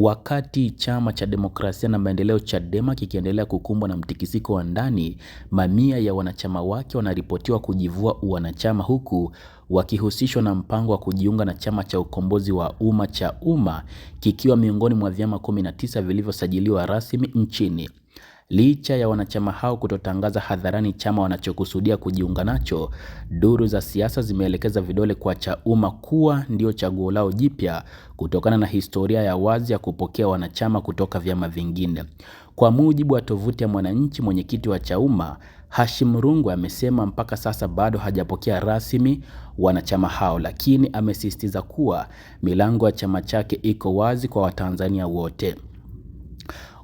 Wakati chama cha demokrasia na maendeleo Chadema kikiendelea kukumbwa na mtikisiko wa ndani, mamia ya wanachama wake wanaripotiwa kujivua uwanachama huku wakihusishwa na mpango wa kujiunga na chama cha ukombozi wa umma cha umma kikiwa miongoni mwa vyama 19 vilivyosajiliwa rasmi nchini. Licha ya wanachama hao kutotangaza hadharani chama wanachokusudia kujiunga nacho, duru za siasa zimeelekeza vidole kwa Chauma kuwa ndio chaguo lao jipya kutokana na historia ya wazi ya kupokea wanachama kutoka vyama vingine. Kwa mujibu wa tovuti ya Mwananchi, mwenyekiti wa Chauma Hashim Rungwe amesema mpaka sasa bado hajapokea rasmi wanachama hao, lakini amesisitiza kuwa milango ya chama chake iko wazi kwa Watanzania wote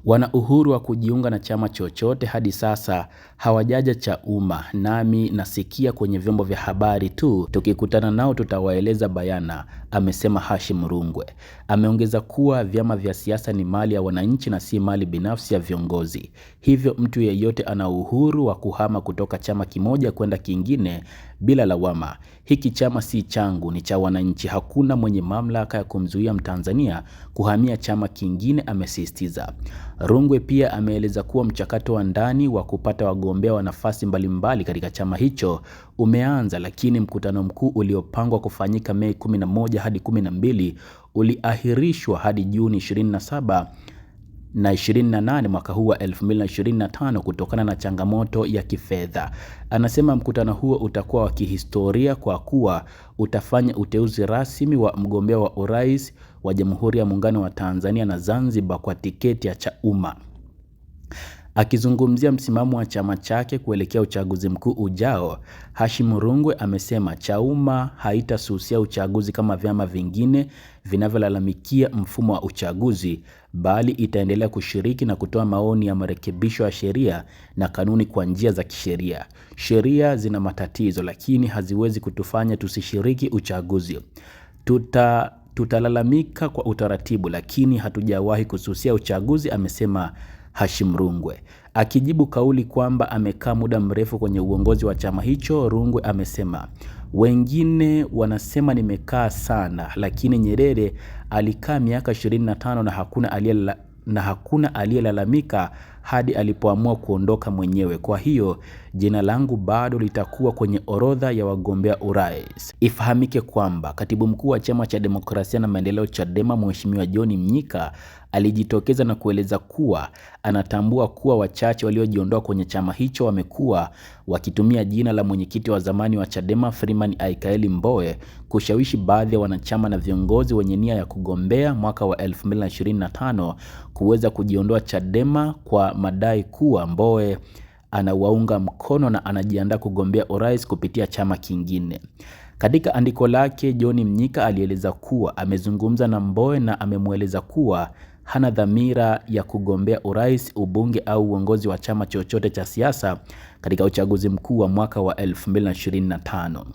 wana uhuru wa kujiunga na chama chochote. Hadi sasa hawajaja cha umma nami nasikia kwenye vyombo vya habari tu. Tukikutana nao tutawaeleza bayana, amesema Hashim Rungwe. Ameongeza kuwa vyama vya siasa ni mali ya wananchi na si mali binafsi ya viongozi, hivyo mtu yeyote ana uhuru wa kuhama kutoka chama kimoja kwenda kingine bila lawama. Hiki chama si changu, ni cha wananchi. Hakuna mwenye mamlaka ya kumzuia Mtanzania kuhamia chama kingine, amesisitiza. Rungwe pia ameeleza kuwa mchakato wa ndani wa kupata wagombea wa nafasi mbalimbali katika chama hicho umeanza, lakini mkutano mkuu uliopangwa kufanyika Mei 11 hadi 12 uliahirishwa hadi Juni 27 na 28 mwaka huu wa 2025 kutokana na changamoto ya kifedha. Anasema mkutano huo utakuwa wa kihistoria kwa kuwa utafanya uteuzi rasmi wa mgombea wa urais wa Jamhuri ya Muungano wa Tanzania na Zanzibar kwa tiketi ya umma Akizungumzia msimamo wa chama chake kuelekea uchaguzi mkuu ujao, Hashim Rungwe amesema Chauma haitasusia uchaguzi kama vyama vingine vinavyolalamikia mfumo wa uchaguzi, bali itaendelea kushiriki na kutoa maoni ya marekebisho ya sheria na kanuni kwa njia za kisheria. Sheria zina matatizo, lakini haziwezi kutufanya tusishiriki uchaguzi. Tuta tutalalamika kwa utaratibu, lakini hatujawahi kususia uchaguzi, amesema Hashim Rungwe. Akijibu kauli kwamba amekaa muda mrefu kwenye uongozi wa chama hicho, Rungwe amesema wengine wanasema nimekaa sana, lakini Nyerere alikaa miaka 25 na hakuna aliyela, na hakuna aliyelalamika hadi alipoamua kuondoka mwenyewe. Kwa hiyo jina langu bado litakuwa kwenye orodha ya wagombea urais. Ifahamike kwamba katibu mkuu wa chama cha demokrasia na maendeleo Chadema, Mheshimiwa John Mnyika alijitokeza na kueleza kuwa anatambua kuwa wachache waliojiondoa kwenye chama hicho wamekuwa wakitumia jina la mwenyekiti wa zamani wa Chadema Freeman Aikaeli Mbowe kushawishi baadhi ya wanachama na viongozi wenye nia ya kugombea mwaka wa 2025 kuweza kujiondoa Chadema kwa madai kuwa Mbowe anawaunga mkono na anajiandaa kugombea urais kupitia chama kingine. Katika andiko lake, John Mnyika alieleza kuwa amezungumza na Mbowe na amemweleza kuwa hana dhamira ya kugombea urais, ubunge au uongozi wa chama chochote cha siasa katika uchaguzi mkuu wa mwaka wa 2025.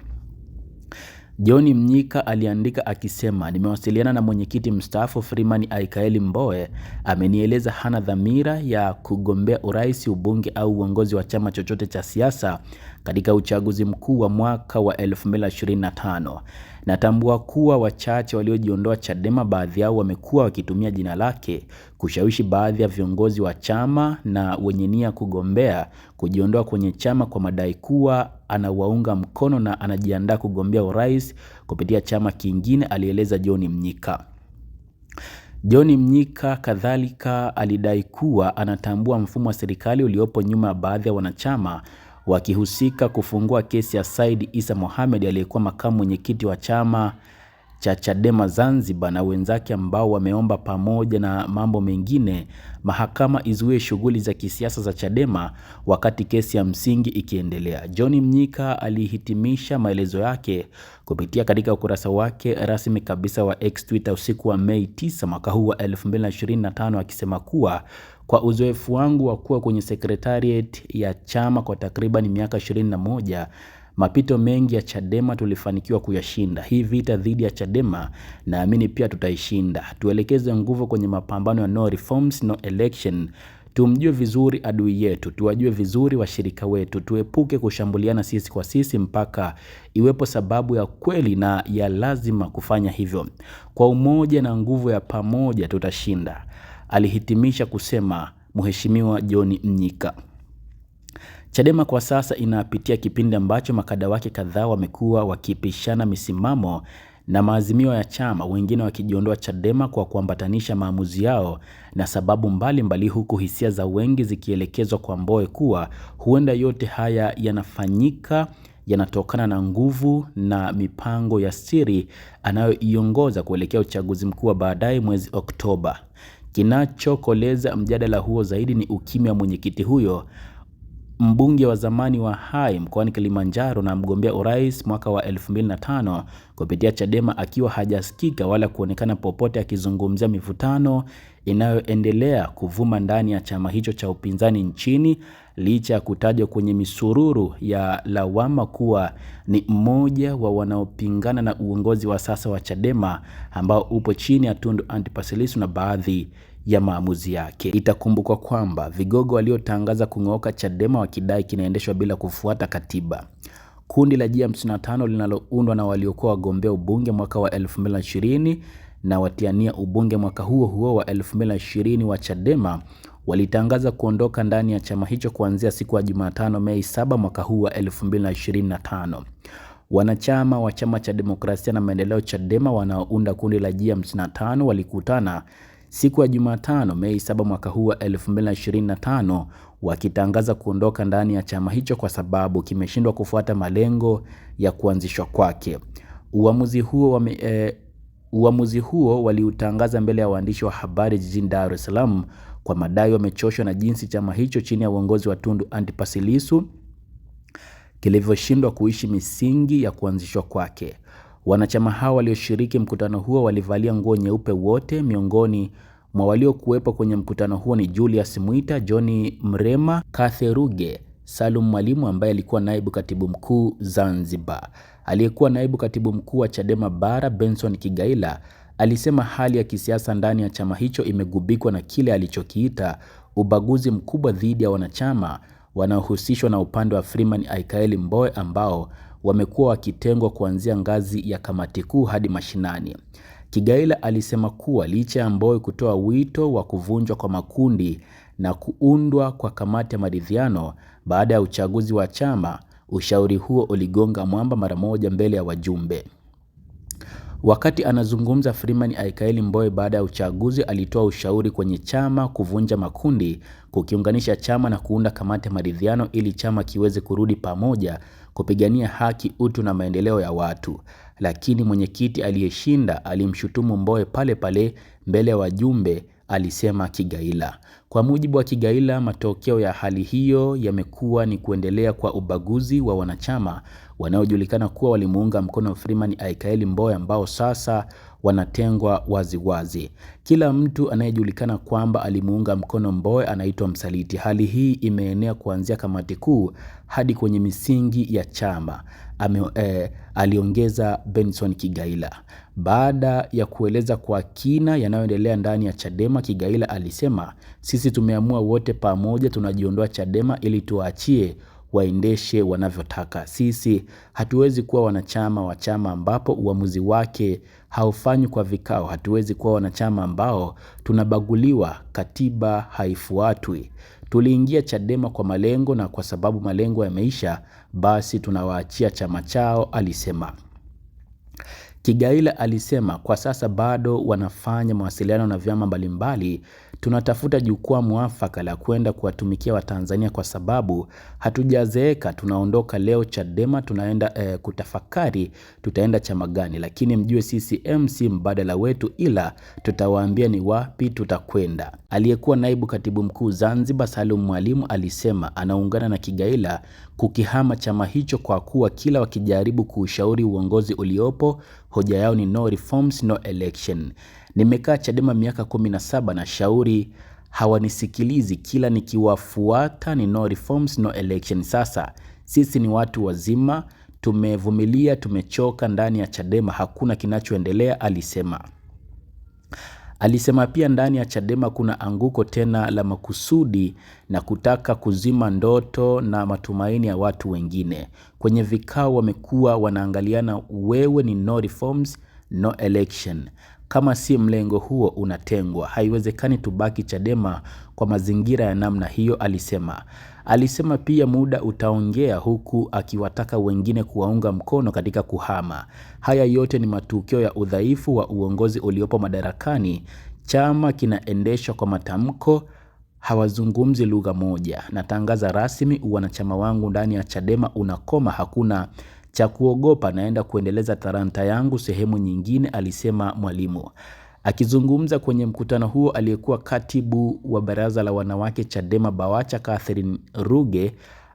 John Mnyika aliandika akisema, nimewasiliana na mwenyekiti mstaafu Freeman Aikaeli Mbowe, amenieleza hana dhamira ya kugombea urais, ubunge au uongozi wa chama chochote cha siasa katika uchaguzi mkuu wa mwaka wa 2025. Natambua kuwa wachache waliojiondoa Chadema baadhi yao wamekuwa wakitumia jina lake kushawishi baadhi ya viongozi wa chama na wenye nia kugombea kujiondoa kwenye chama kwa madai kuwa anawaunga mkono na anajiandaa kugombea urais kupitia chama kingine, alieleza John Mnyika. John Mnyika kadhalika alidai kuwa anatambua mfumo wa serikali uliopo nyuma ya baadhi ya wanachama wakihusika kufungua kesi ya Said Isa Mohamed aliyekuwa makamu mwenyekiti wa chama cha Chadema Zanzibar na wenzake ambao wameomba pamoja na mambo mengine mahakama izuie shughuli za kisiasa za Chadema wakati kesi ya msingi ikiendelea. John Mnyika alihitimisha maelezo yake kupitia katika ukurasa wake rasmi kabisa wa X Twitter usiku wa Mei 9 mwaka huu wa 2025 akisema kuwa kwa uzoefu wangu wa kuwa kwenye sekretariat ya chama kwa takriban miaka 21, mapito mengi ya Chadema tulifanikiwa kuyashinda. Hii vita dhidi ya Chadema naamini pia tutaishinda. Tuelekeze nguvu kwenye mapambano ya no reforms, no election. Tumjue vizuri adui yetu, tuwajue vizuri washirika wetu, tuepuke kushambuliana sisi kwa sisi mpaka iwepo sababu ya kweli na ya lazima kufanya hivyo. Kwa umoja na nguvu ya pamoja tutashinda alihitimisha kusema Mheshimiwa John Mnyika. Chadema kwa sasa inapitia kipindi ambacho makada wake kadhaa wamekuwa wakipishana misimamo na maazimio ya chama, wengine wakijiondoa Chadema kwa kuambatanisha maamuzi yao na sababu mbalimbali mbali, huku hisia za wengi zikielekezwa kwa Mbowe kuwa huenda yote haya yanafanyika yanatokana na nguvu na mipango ya siri anayoiongoza kuelekea uchaguzi mkuu wa baadaye mwezi Oktoba. Kinachokoleza mjadala huo zaidi ni ukimya wa mwenyekiti huyo mbunge wa zamani wa Hai mkoani Kilimanjaro na mgombea urais mwaka wa 2005 kupitia Chadema akiwa hajasikika wala kuonekana popote akizungumzia mivutano inayoendelea kuvuma ndani ya chama hicho cha upinzani nchini licha ya kutajwa kwenye misururu ya lawama kuwa ni mmoja wa wanaopingana na uongozi wa sasa wa Chadema ambao upo chini ya Tundu Antipas Lissu na baadhi ya maamuzi yake. Itakumbukwa kwamba vigogo waliotangaza kung'ooka Chadema wakidai kinaendeshwa bila kufuata katiba. Kundi la G55 linaloundwa na waliokuwa wagombea ubunge mwaka wa 2020 na watiania ubunge mwaka huo huo wa 2020 wa Chadema walitangaza kuondoka ndani ya chama hicho kuanzia siku ya Jumatano Mei 7 mwaka huu wa 2025. Wanachama wa chama cha demokrasia na maendeleo Chadema wanaounda kundi la G55 walikutana siku ya Jumatano Mei 7 mwaka huu wa 2025 wakitangaza kuondoka ndani ya chama hicho kwa sababu kimeshindwa kufuata malengo ya kuanzishwa kwake. Uamuzi huo me, e, uamuzi huo waliutangaza mbele ya waandishi wa habari jijini Dar es Salaam kwa madai wamechoshwa na jinsi chama hicho chini ya uongozi wa Tundu Antipas Lissu kilivyoshindwa kuishi misingi ya kuanzishwa kwake. Wanachama hao walioshiriki mkutano huo walivalia nguo nyeupe wote. Miongoni mwa waliokuwepo kwenye mkutano huo ni Julius Mwita, John Mrema, Katheruge Salum Mwalimu ambaye alikuwa naibu katibu mkuu Zanzibar. Aliyekuwa naibu katibu mkuu wa Chadema Bara Benson Kigaila alisema hali ya kisiasa ndani ya chama hicho imegubikwa na kile alichokiita ubaguzi mkubwa dhidi ya wanachama wanaohusishwa na upande wa Freeman Aikaeli Mbowe ambao wamekuwa wakitengwa kuanzia ngazi ya kamati kuu hadi mashinani. Kigaila alisema kuwa licha ya Mbowe kutoa wito wa kuvunjwa kwa makundi na kuundwa kwa kamati ya maridhiano baada ya uchaguzi wa chama, ushauri huo uligonga mwamba mara moja mbele ya wajumbe. Wakati anazungumza Freeman Aikaeli Mbowe baada ya uchaguzi, alitoa ushauri kwenye chama kuvunja makundi, kukiunganisha chama na kuunda kamati ya maridhiano ili chama kiweze kurudi pamoja kupigania haki, utu na maendeleo ya watu. Lakini mwenyekiti aliyeshinda alimshutumu Mbowe pale pale mbele ya wajumbe, alisema Kigaila. Kwa mujibu wa Kigaila, matokeo ya hali hiyo yamekuwa ni kuendelea kwa ubaguzi wa wanachama wanaojulikana kuwa walimuunga mkono Freeman Aikaeli Mbowe ambao sasa wanatengwa waziwazi. Kila mtu anayejulikana kwamba alimuunga mkono Mbowe anaitwa msaliti. Hali hii imeenea kuanzia kamati kuu hadi kwenye misingi ya chama. Ame, eh, aliongeza Benson Kigaila. Baada ya kueleza kwa kina yanayoendelea ndani ya Chadema, Kigaila alisema sisi sisi tumeamua wote pamoja tunajiondoa Chadema ili tuwaachie waendeshe wanavyotaka. Sisi hatuwezi kuwa wanachama wa chama ambapo uamuzi wake haufanywi kwa vikao. Hatuwezi kuwa wanachama ambao tunabaguliwa, katiba haifuatwi. Tuliingia Chadema kwa malengo, na kwa sababu malengo yameisha, basi tunawaachia chama chao, alisema. Kigaila alisema kwa sasa bado wanafanya mawasiliano na vyama mbalimbali. Tunatafuta jukwaa mwafaka la kwenda kuwatumikia Watanzania kwa sababu hatujazeeka. Tunaondoka leo Chadema, tunaenda eh, kutafakari tutaenda chama gani, lakini mjue CCM si mbadala wetu, ila tutawaambia ni wapi tutakwenda. Aliyekuwa naibu katibu mkuu Zanzibar Salum Mwalimu alisema anaungana na Kigaila kukihama chama hicho kwa kuwa kila wakijaribu kuushauri uongozi uliopo hoja yao ni no reforms, no election. Nimekaa Chadema miaka 17 na shauri hawanisikilizi, kila nikiwafuata ni no reforms, no election. Sasa sisi ni watu wazima, tumevumilia, tumechoka. Ndani ya Chadema hakuna kinachoendelea, alisema. Alisema pia ndani ya Chadema kuna anguko tena la makusudi na kutaka kuzima ndoto na matumaini ya watu wengine. Kwenye vikao wamekuwa wanaangaliana, wewe ni no reforms, no election. Kama si mlengo huo unatengwa. Haiwezekani tubaki Chadema kwa mazingira ya namna hiyo, alisema. Alisema pia muda utaongea huku akiwataka wengine kuwaunga mkono katika kuhama. Haya yote ni matukio ya udhaifu wa uongozi uliopo madarakani. Chama kinaendeshwa kwa matamko, hawazungumzi lugha moja. Natangaza rasmi uwanachama wangu ndani ya Chadema unakoma, hakuna cha kuogopa, naenda kuendeleza talanta yangu sehemu nyingine, alisema Mwalimu. Akizungumza kwenye mkutano huo aliyekuwa katibu wa baraza la wanawake Chadema Bawacha Catherine Ruge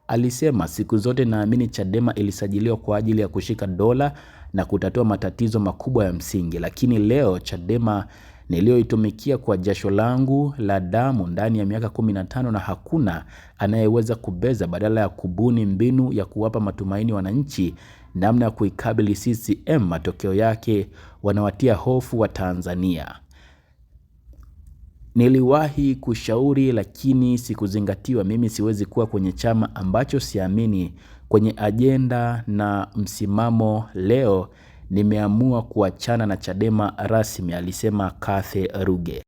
alisema siku zote naamini Chadema ilisajiliwa kwa ajili ya kushika dola na kutatua matatizo makubwa ya msingi, lakini leo Chadema niliyoitumikia kwa jasho langu la damu ndani ya miaka 15 na hakuna anayeweza kubeza, badala ya kubuni mbinu ya kuwapa matumaini wananchi namna ya kuikabili CCM, matokeo yake wanawatia hofu wa Tanzania. Niliwahi kushauri lakini sikuzingatiwa. Mimi siwezi kuwa kwenye chama ambacho siamini. Kwenye ajenda na msimamo, leo nimeamua kuachana na Chadema rasmi, alisema Kathe Ruge.